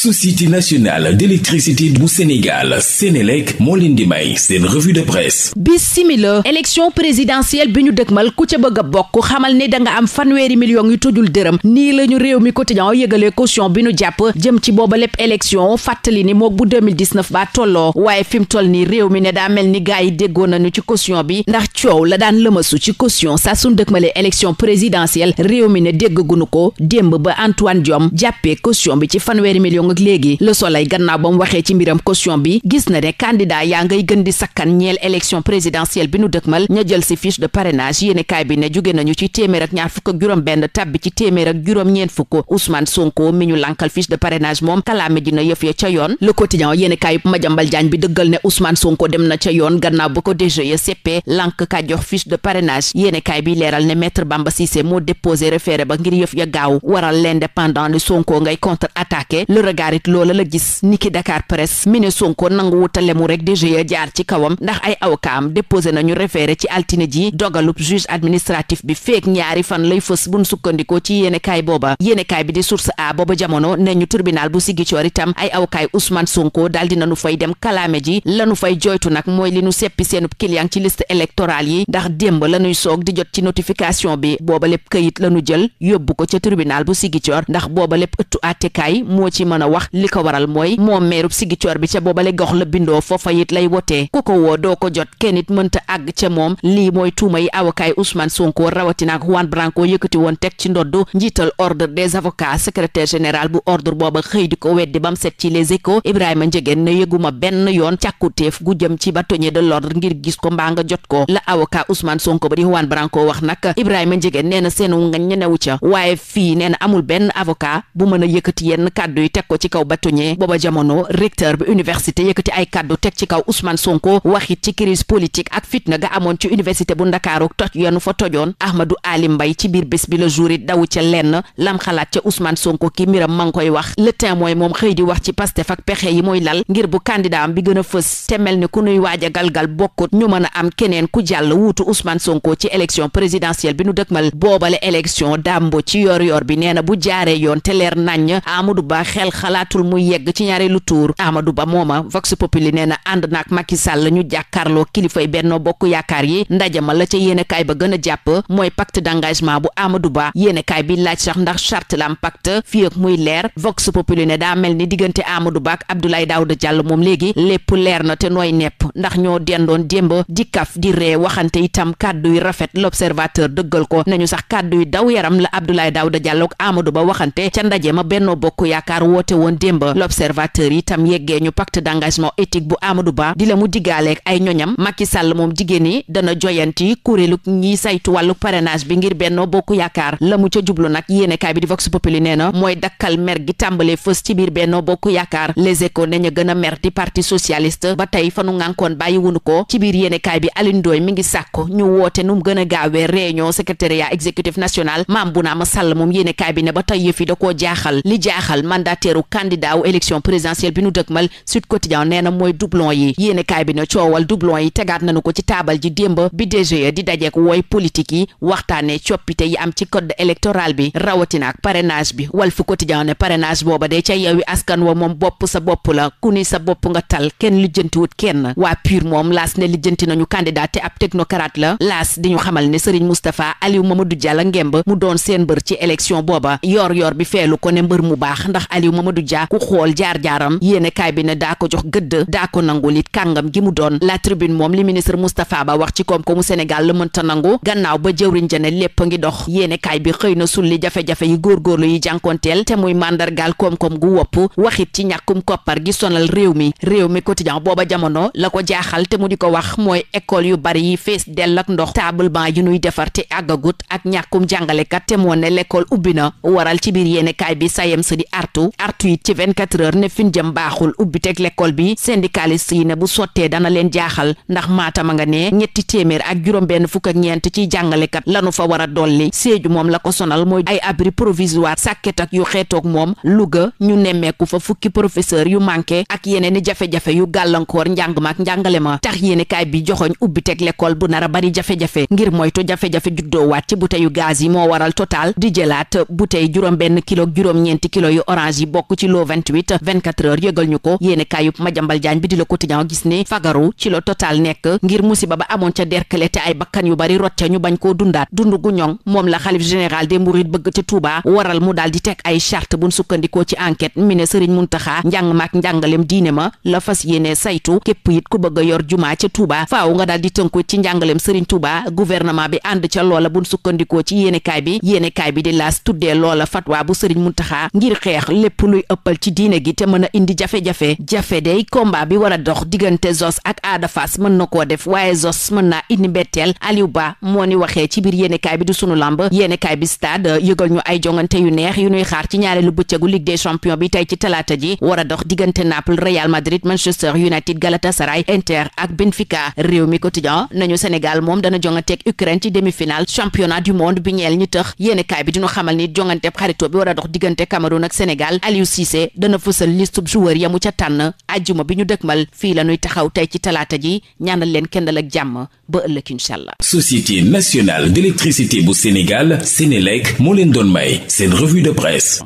société nationale d'électricité bu Sénégal Sénélec moo leen di bi simila élection présidentielle bi ñu dëgmal ku ca bëgg a bokk xamal ne danga am fanweeri million yu tojul dërëm nii la ñu réew mi quotidien yëgalee caution bi nu jàpp jëm ci booba lépp élection fàttali ni mook bu 2019 baa tolloo waaye fi mu toll nii réew mi ne daa mel ni gars yi déggoo nañu ci caution bi ndax coow la daan lëmasu ci caution saa suñ dëgmalee élection présidentielle réew mi ne dégg gunu ko démb ba Antoine Diome jàppee caution bi ci fanweeri millions ak léegi le soleil gannaaw ba mu waxee ci mbiram caution bi gis na ne candidat yaa ngay gën di sakkan ñeel élection présidentielle bi nu dëkkmal ña jël si fiche de parrainage yéene bi ne jóge nañu ci téeméer ak ñaar fukk juróom benn tab ci téeméer ak juróom ñeen fukk Ousmane Sonko mi ñu lànkal fiche de parrainage moom kalaame dina yëf ya ca yoon le quotidien yéene kaay Madiambal Diagne bi dëggal ne Ousmane Sonko dem na ca yoon gannaaw ba ko DGE seppe lànk ka jox fiche de parrainage yéene kaay bi leeral ne ba ngir yëf ya gaaw waral l'indépendant ne Dakar it loola la gis niki Dakar Presse mi ne Sonko nangu wutale mu rek DGE jaar ci kawam ndax ay awkaam déposé nañu référé ci altine ji dogalub juge administratif bi feek ñaari fan lay fës buñ sukkandikoo ci yéenekaay booba yéenekaay bi di source a booba jamono ne ñu tribunal bu Ziguinchor itam ay awkaay Ousmane Sonko daal di nañu fay dem kalaame ji lañu fay joytu nag mooy li nu seppi seenub client ci liste électorale yi ndax démb lañuy soog di jot ci notification bi booba lépp këyit lañu jël yóbbu ko ca tribunal bu Ziguinchor wax li ko waral mooy moom meerub Sigicoor bi ca boobale gox la bindoo foofa it lay wotee ku ko woo doo ko jot kenn it mënta àgg ca moom lii mooy tuuma yi avocat Ousmane Sonko rawatina ak Juan Branco yëkkati woon teg ci ndoddu njiital ordre des avocats secrétaire général bu ordre booba xëy di ko weddi bam set ci les échos Ibrahima Njegéen ne yëguma benn yoon càkkuteef gu jëm ci bâtonnier de l'ordre ngir gis ko mbaa jot ko la avocat usman Sonko ba di wax nag Ibrahima Njegéen nee na seenu nga ñenewu ca waaye fii nee a yëkkati yenn kàddu ci kaw bâtonnier booba jamono recteur bi université yëkkati ay kàddu teg ci kaw Ousmane Sonko waxit ci crise politique ak fitna ga amoon ci université bu Ndakaaru toj yanu fa tojoon Ahmadou Ali Mbaye ci biir bés bi la jour it daw ca lenn lam xalaat ca Ousmane Sonko ki miram ma ngi koy wax le mooy moom xëy di wax ci Pastef ak pexe yi muy lal ngir bu candidat am bi gën a fës te mel ni ku nuy waaja a galgal bokkut ñu mën a am keneen ku jàll wuutu Ousmane Sonko ci élection présidentielle bi nu dëkmal boobale élection dambo ci yor yor bi nee na bu jaaree yoon te leer nañ xalaatul muy yegg ci lu tuur Amadou Ba mooma Vox Populi nee na ànd naak Macky Sall ñu jàkkaarloo kilifay Benno Bokk Yaakaar yi ma la ca yéenekaay ba gën a jàpp mooy pacte d'engagement bu Amadou Ba yéenekaay bi laaj sax ndax charte lam pacte fii muy leer Vox Populi ne daa mel ni diggante Amadou Ba ak Abdoulaye Daouda Diallo moom léegi lépp leer na te nooy nepp ndax ñoo dendoon démb di kaf di ree waxante itam kàddu yu rafet l'observateur dëggal ko nañu sax kàddu yu daw yaram la ak Amadou Ba waxante ca woon démb l'observateur yi tam yeggee ñu pacte d'engagement éthique bu Amadou Ba di la mu diggaaleeg ay ñoñam Macky Sall moom jigéen ñi dana joyanti kuréelu ñiy saytu wàllu parrainage bi ngir Benno Bokk Yaakaar la mu ca jublu nag yéenekaay bi di Vox Populi nee na mooy dakkal mer gi tàmbalee fës ci biir Benno Bokk Yaakaar Les Échos ne ñu gën a mer di parti socialist ba tey fanu ngànkoon bàyyi wunu ko ci biir kaay bi Alioune Ndoye mi ngi sàkko ñu woote nu mu gën a gaawee réunion secrétariat exécutif national maam bu naa ma sàll moom yéenekaay ba candidat wu élection présidentielle bi nu dëgmal Sud Quotidien nee na mooy doublon yi yéene kaay bi ne coowal doublon yi tegaat nañu ko ci taabal ji démb bi DGE di dajeek wooy politique yi waxtaane coppite yi am ci code électoral bi rawatina ak parrainage bi Walf Quotidien ne parrainage booba de ca Yewwi Askan Wa moom bopp sa bopp la ku ni sa bopp nga tal kenn lijjantiwut kenn waa PUR moom laas ne lijjanti nañu candidat te ab technocrate la laas di ñu xamal ne Serigne Moustapha Aliou Mamadou Diallo ngemb mu doon seen mbër ci élection booba yor yor bi feelu ko ne mbër Mamadou Dia ku xool jaar-jaaram yéene kaay bi ne daa ko jox gëdd daa ko nangul it kàngam gi mu doon la tribune moom li ministre Moustapha Ba wax ci koom-koomu Sénégal la mënta nangu gannaaw ba jëwriñ jëne lépp ngi dox yéene kaay bi xëy na sulli jafe-jafe yi góorgóorlu yi jànkonteel te muy màndargaal koom-koom gu wopp waxit ci ñàkkum koppar gi sonal réew mi réew mi quotidien booba jamono la ko jaaxal te mu di ko wax mooy école yu bari yi fees dell ak ndox table banc yu nuy defar te àggagut ak ñàkkum jàngalekat te moo ne l'école ubbi na waral ci biir yéene kaay bi 28 ci 24 heures ne fin jëm baaxul ubbi teg l'école bi syndicaliste yi ne bu sottee dana leen jaaxal ndax maatama nga ne ñetti téeméer ak juróom-benn fukk ak ñeent ciy jàngalekat lanu fa war a dolli séeju moom la ko sonal mooy ay abri provisoire sàkket ak yu xeetook moom Louga ñu nemmeeku fa fukki professeur yu manqué ak yeneen i jafe-jafe yu gàllankoor njàng ma ak njàngale ma tax yéene kaay bi joxoñ ubbi teg l'école bu nar a bari jafe-jafe ngir moytu jafe juddoowaat ci buteyu gaz yi moo waral total di jëlaat butey juróom benn kilo juróom kilo yu orange yi sàkku ci loo 28 24 heures yëgal ñu ko yéene kaayub Madiambal Diagne bi di Le Quotidien gis ne fagaru ci la total nekk ngir musiba ba amoon ca derkale te ay bakkan yu bari rot ca ñu bañ koo dundaat dund gu ñoŋ moom la xalif général des mourides bëgg ci Touba waral mu daal di teg ay charte buñ sukkandikoo ci enquête mi ne Serigne Mountakha njàng maak njàngalem diine ma la fas yéene saytu képp it ku bëgg yor jumaa ca Touba faaw nga daal di tënku ci njàngalem Serigne Touba gouvernement bi ànd ca loola buñ sukkandikoo ci yéenekaay bi yéenekaay bi di laas tuddee loola fatwa bu Serigne Mountakha ngir xeex lépp luy ëppal ci diine gi te mën a indi jafe-jafe jafe day combat bi war a dox diggante Zoss ak Ada Fass mën na koo def waaye Zoss mën naa indi mbetteel Aliou Ba moo ni waxee ci biir yéenekaay bi du sunu lamb yéenekaay bi stade euh, yëgal ñu ay jongante yu neex yu nuy xaar ci ñaareelu bëccëgu Ligue des champions bi tey ci talaata ji war dox diggante Naples Real Madrid Manchester United Galatasaray Inter ak Benfica réew mi quotidien nañu Sénégal moom dana jonganteeg Ukraine ci demi-finale championnat du monde bi ñeel ñi Cissé dana fësal listub joueur yamu ca tànn àjjuma bi ñu mal fii la nuy taxaw tey ci talaata ji ñaanal leen kendal ak jàmm ba ëllëg incha allah. Société nationale d'électricité bu Sénégal Sénélec moo leen doon may seen revue de presse.